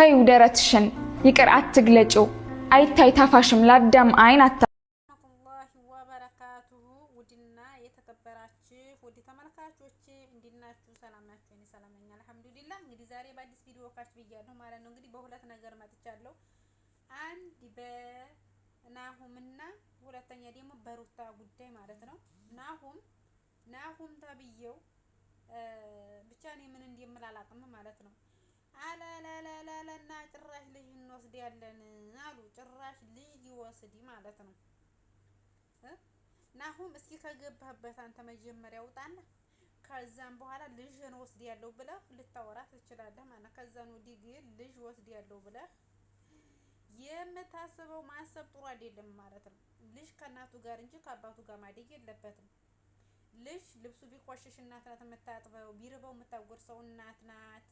ታይው ደረትሽን ይቅር አትግለጩ አይታይ ታፋሽም ላዳም አይን አታ ወበረካቱሁ ውድና የተከበራችሁ ውድ ተመልካቾች እንዴት ናችሁ? ሰላም ናችሁ? እኔ ሰላም ነኝ አልሐምዱሊላህ። እንግዲህ ዛሬ በአዲስ ቪዲዮ ካች ብያለሁ ማለት ነው። እንግዲህ በሁለት ነገር መጥቻለሁ። አንድ በናሁምና ሁለተኛ ደግሞ በሩታ ጉዳይ ማለት ነው። ናሁም ናሁም ተብዬው ብቻ እኔ ምን እንደምላላቅም ማለት ነው አለለለለና ጭራሽ ልጅ ያለን አሉ። ጭራሽ ልጅ ወስድ ማለት ነው። ናሁም እስኪ ከገባህበት አንተ መጀመሪያ ውጣና ከዛም በኋላ እንወስድ ያለው ብለህ ልታወራ ትችላለህ ማለት ከዛን ወዲህ ግን ልጅ ያለው ብለህ የምታስበው ማሰብ ጥሩ አይደለም ማለት ነው። ልጅ ከእናቱ ጋር እንጂ ከአባቱ ጋር ማደግ የለበትም። ልጅ ልብሱ ቢቆሽሽ እናት ናት የምታጥበው፣ ቢርበው የምታጎርሰው እናት ናት።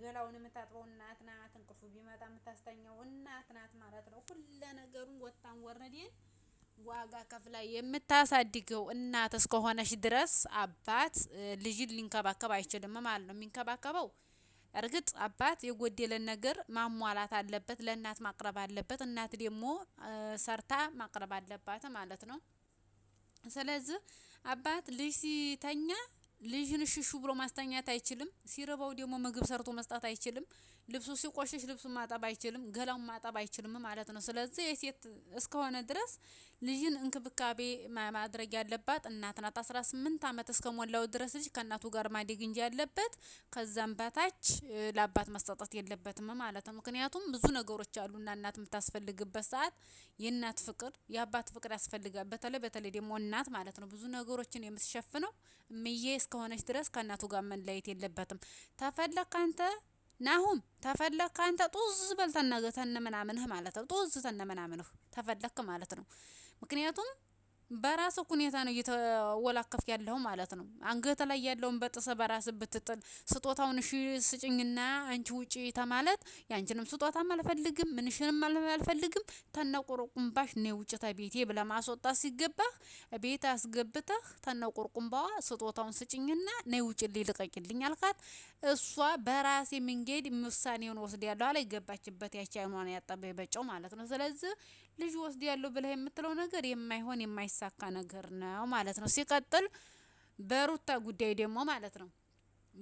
ገላውን የምታጥበው እናት ናት። እንቅልፉ ቢመጣ የምታስተኛው እናት ናት ማለት ነው። ሁለ ነገሩን ወጣን ወረዴን ዋጋ ከፍላ የምታሳድገው እናት እስከሆነች ድረስ አባት ልጅን ሊንከባከብ አይችልም ማለት ነው። የሚንከባከበው እርግጥ አባት የጎደለን ነገር ማሟላት አለበት፣ ለእናት ማቅረብ አለበት። እናት ደግሞ ሰርታ ማቅረብ አለባት ማለት ነው። ስለዚህ አባት ልጅ ሲተኛ ልጅን ሽሹ ብሎ ማስተኛት አይችልም። ሲረባው ደግሞ ምግብ ሰርቶ መስጣት አይችልም። ልብሱ ሲቆሽሽ ልብሱ ማጠብ አይችልም፣ ገላውን ማጠብ አይችልም ማለት ነው። ስለዚህ የሴት እስከሆነ ድረስ ልጅን እንክብካቤ ማድረግ ያለባት እናት ናት። 18 ስምንት አመት እስከሞላው ድረስ ልጅ ከእናቱ ጋር ማደግ እንጂ ያለበት ከዛም በታች ለአባት መሰጠት የለበትም ማለት ነው። ምክንያቱም ብዙ ነገሮች አሉና እናት የምታስፈልግበት ሰዓት የእናት ፍቅር የአባት ፍቅር ያስፈልጋል። በተለይ በተለይ ደግሞ እናት ማለት ነው ብዙ ነገሮችን የምትሸፍነው እምዬ እስከሆነች ድረስ ከእናቱ ጋር መለየት የለበትም። ተፈለግ ካንተ ናሁም ተፈለክ ከአንተ ጡዝ በል ተነገ ተነምናምንህ ማለት ነው። ጡዝ ተነምናምንህ ተፈለክ ማለት ነው። ምክንያቱም በራስህ ሁኔታ ነው እየተወላከፍክ ያለው ማለት ነው። አንገት ላይ ያለውን በጥሰ በራስ ብትጥል ስጦታውን እሺ ስጭኝና አንቺ ውጪ ተማለት ያንቺንም ስጦታም አልፈልግም ምንሽንም አልፈልግም ተነቁርቁምባሽ ነው ውጭ ተቤቴ ብለ ማስወጣት ሲገባህ ቤት አስገብተህ ተነቁርቁምባዋ ስጦታውን ስጭኝና ነይ ውጭ ልቀቂልኝ አልካት። እሷ በራሴ መንገድ ውሳኔውን ወስድ ያለው ያለኋላ ይገባችበት ያቺ አይኗን ያጠበ በጨው ማለት ነው። ስለዚህ ልጅ ወስድ ያለው ብለህ የምትለው ነገር የማይሆን የማይሳካ ነገር ነው ማለት ነው። ሲቀጥል በሩታ ጉዳይ ደግሞ ማለት ነው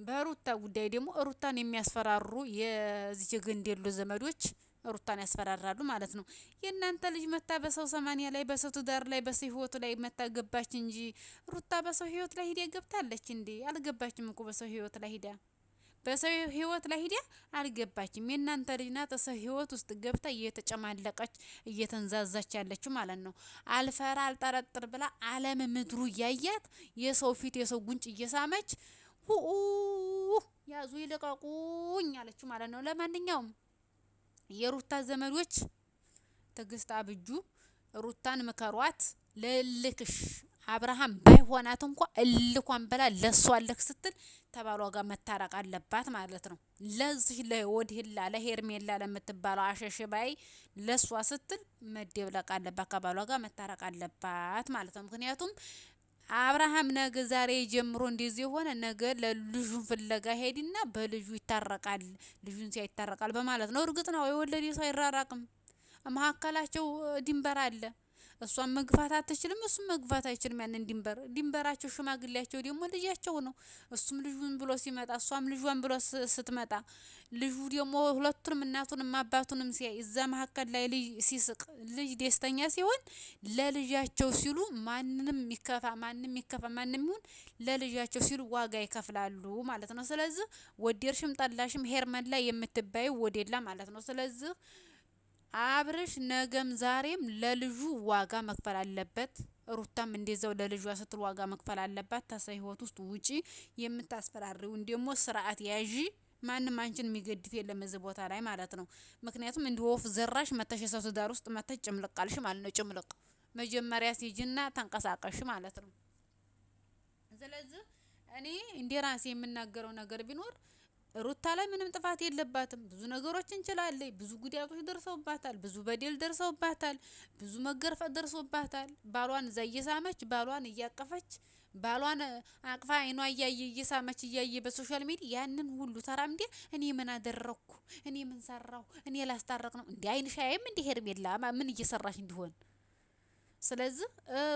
በሩታ ጉዳይ ደግሞ ሩታን የሚያስፈራሩ የዚህ የገንዴሉ ዘመዶች ሩታን ያስፈራራሉ ማለት ነው። የእናንተ ልጅ መታ በሰው ሰማኒያ ላይ በሰው ትዳር ላይ በሰው ህይወቱ ላይ መታ ገባች እንጂ ሩታ በሰው ህይወት ላይ ሂዳ ገብታለች እንዴ? አልገባችም እኮ በሰው ህይወት ላይ ሂዳ በሰው ህይወት ላይ ሂዲያ አልገባችም። የእናንተ ልጅ ናት ሰው ህይወት ውስጥ ገብታ እየተጨማለቀች እየተንዛዛች ያለችው ማለት ነው። አልፈራ አልጠረጥር ብላ ዓለም ምድሩ እያያት የሰው ፊት የሰው ጉንጭ እየሳመች ሁኡ ያዙ ይልቀቁኝ አለችው ማለት ነው። ለማንኛውም የሩታ ዘመዶች ትግስት አብጁ፣ ሩታን ምከሯት ለልክሽ አብርሃም ባይሆናት እንኳ እልኳን ብላ ለሷ አለክ ስትል ተባሏ ጋር መታረቅ አለባት ማለት ነው። ለዚህ ለወድህላ ለሄርሜላ ለምትባለው አሸሽ ባይ ለሷ ስትል መደብለቅ አለባት፣ ከባሏ ጋር መታረቅ አለባት ማለት ነው። ምክንያቱም አብርሃም ነገ ዛሬ ጀምሮ እንደዚህ የሆነ ነገ ለልጁን ፍለጋ ሄድና በልጁ ይታረቃል፣ ልጁን ሲያ ይታረቃል በማለት ነው። እርግጥ ነው የወለደ ሰው አይራራቅም፣ መሀከላቸው ድንበር አለ። እሷን መግፋት አትችልም፣ እሱም መግፋት አይችልም። ያንን ድንበር ድንበራቸው ሽማግሌያቸው ደግሞ ልጃቸው ነው። እሱም ልጁን ብሎ ሲመጣ እሷም ልጇን ብሎ ስትመጣ ልጁ ደግሞ ሁለቱንም እናቱንም አባቱንም ሲያይ እዛ መካከል ላይ ልጅ ሲስቅ ልጅ ደስተኛ ሲሆን ለልጃቸው ሲሉ ማንንም ይከፋ ማንም ይከፋ ማንም ይሁን ለልጃቸው ሲሉ ዋጋ ይከፍላሉ ማለት ነው። ስለዚህ ወደድሽም ጠላሽም ላይ የምትባይ ወዴላ ማለት ነው። ስለዚህ አብርሽ ነገም ዛሬም ለልጁ ዋጋ መክፈል አለበት። ሩታም እንደዛው ለልጇ ስትል ዋጋ መክፈል አለባት። ተሰው ህይወት ውስጥ ውጪ። የምታስፈራሪውን ደግሞ ስርዓት ያዢ። ማንም አንቺን የሚገድፍ የለም እዚህ ቦታ ላይ ማለት ነው። ምክንያቱም እንደ ወፍ ዘራሽ መተሽ የሰው ትዳር ውስጥ መተሽ ጭምልቅ አልሽ ማለት ነው። ጭምልቅ መጀመሪያ ሲጅና ተንቀሳቀሽ ማለት ነው። ስለዚህ እኔ እንደ ራሴ የምናገረው ነገር ቢኖር ሩታ ላይ ምንም ጥፋት የለባትም። ብዙ ነገሮች እንችላለች። ብዙ ጉዳቶች ደርሰውባታል። ብዙ በደል ደርሰውባታል። ብዙ መገርፈት ደርሶባታል። ባሏን እዛ እየሳመች ባሏን እያቀፈች ባሏን አቅፋ አይኗ እያየ እየሳመች እያየ በሶሻል ሚዲያ ያንን ሁሉ እንዴ! እኔ ምን አደረግኩ? እኔ ምን ሰራሁ? እኔ ላስታረቅ ነው እንዲ አይንሻይም እንዲ ሄርሜላ ምን እየሰራሽ እንዲሆን ስለዚህ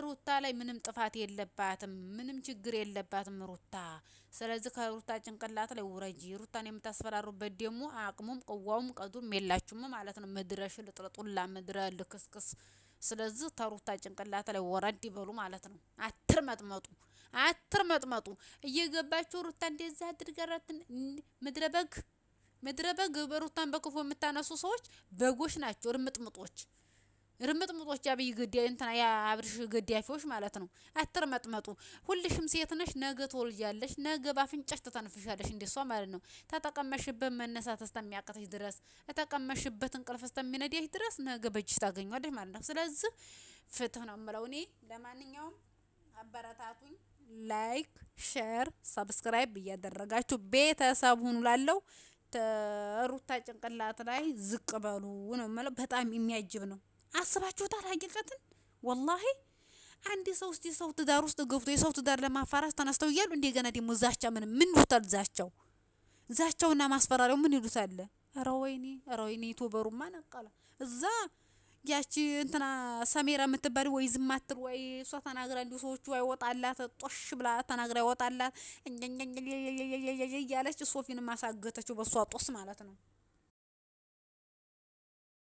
ሩታ ላይ ምንም ጥፋት የለባትም፣ ምንም ችግር የለባትም ሩታ። ስለዚህ ከሩታ ጭንቅላት ላይ ውረጂ። ሩታን የምታስፈራሩበት ደግሞ አቅሙም ቅዋውም ቀዱም የላችሁም ማለት ነው። ምድረ ሽልጥረጡላ ምድረ ልክስክስ። ስለዚህ ተሩታ ጭንቅላት ላይ ወረድ ይበሉ ማለት ነው። አትር መጥመጡ አትር መጥመጡ እየገባችሁ ሩታ እንደዛ አድርገራትን ምድረ በግ ምድረ በግ በሩታን በክፉ የምታነሱ ሰዎች በጎች ናቸው፣ እርምጥምጦች ርምጥምጦች አብይ ገዳይ እንትና የአብርሽ ገዳፊዎች ማለት ነው። አትርመጥመጡ። ሁልሽም ሴት ነሽ፣ ነገ ትወልጃለሽ፣ ነገ ባፍንጫሽ ተተንፍሻለሽ። እንደሷ ማለት ነው። ተጠቀመሽበት መነሳት እስከሚያቅተሽ ድረስ፣ ተጠቀመሽበት እንቅልፍ እስከሚነዳሽ ድረስ ነገ በእጅሽ ታገኛለሽ ማለት ነው። ስለዚህ ፍትህ ነው የምለው እኔ። ለማንኛውም አበረታቱኝ። ላይክ፣ ሼር፣ ሰብስክራይብ እያደረጋችሁ ቤተሰብ ሁኑ ላለው ሩታ ጭንቅላት ላይ ዝቅ በሉ ነው የምለው። በጣም የሚያጅብ ነው። አስባችሁታል? ሀቂቀትን ወላሂ አንድ ሰው እስቲ ሰው ትዳር ውስጥ ገብቶ የሰው ትዳር ለማፋራስ ተነስተው እያሉ እንደገና ደግሞ ዛቻ ምን ምን ይሉታል? ዛቻው ዛቻውና ማስፈራሪያው ምን ይሉታል? ኧረ ወይኔ ኧረ ወይኔ ቶበሩማ ነቀላ እዛ ያቺ እንትና ሰሜራ የምትባል ወይ ዝም አትል ወይ እሷ ተናግራ እንዲሁ ሰዎቹ አይወጣላት ጦሽ ብላ ተናግራ አይወጣላት እያለች ሶፊንም ማሳገተችው በእሷ ጦስ ማለት ነው።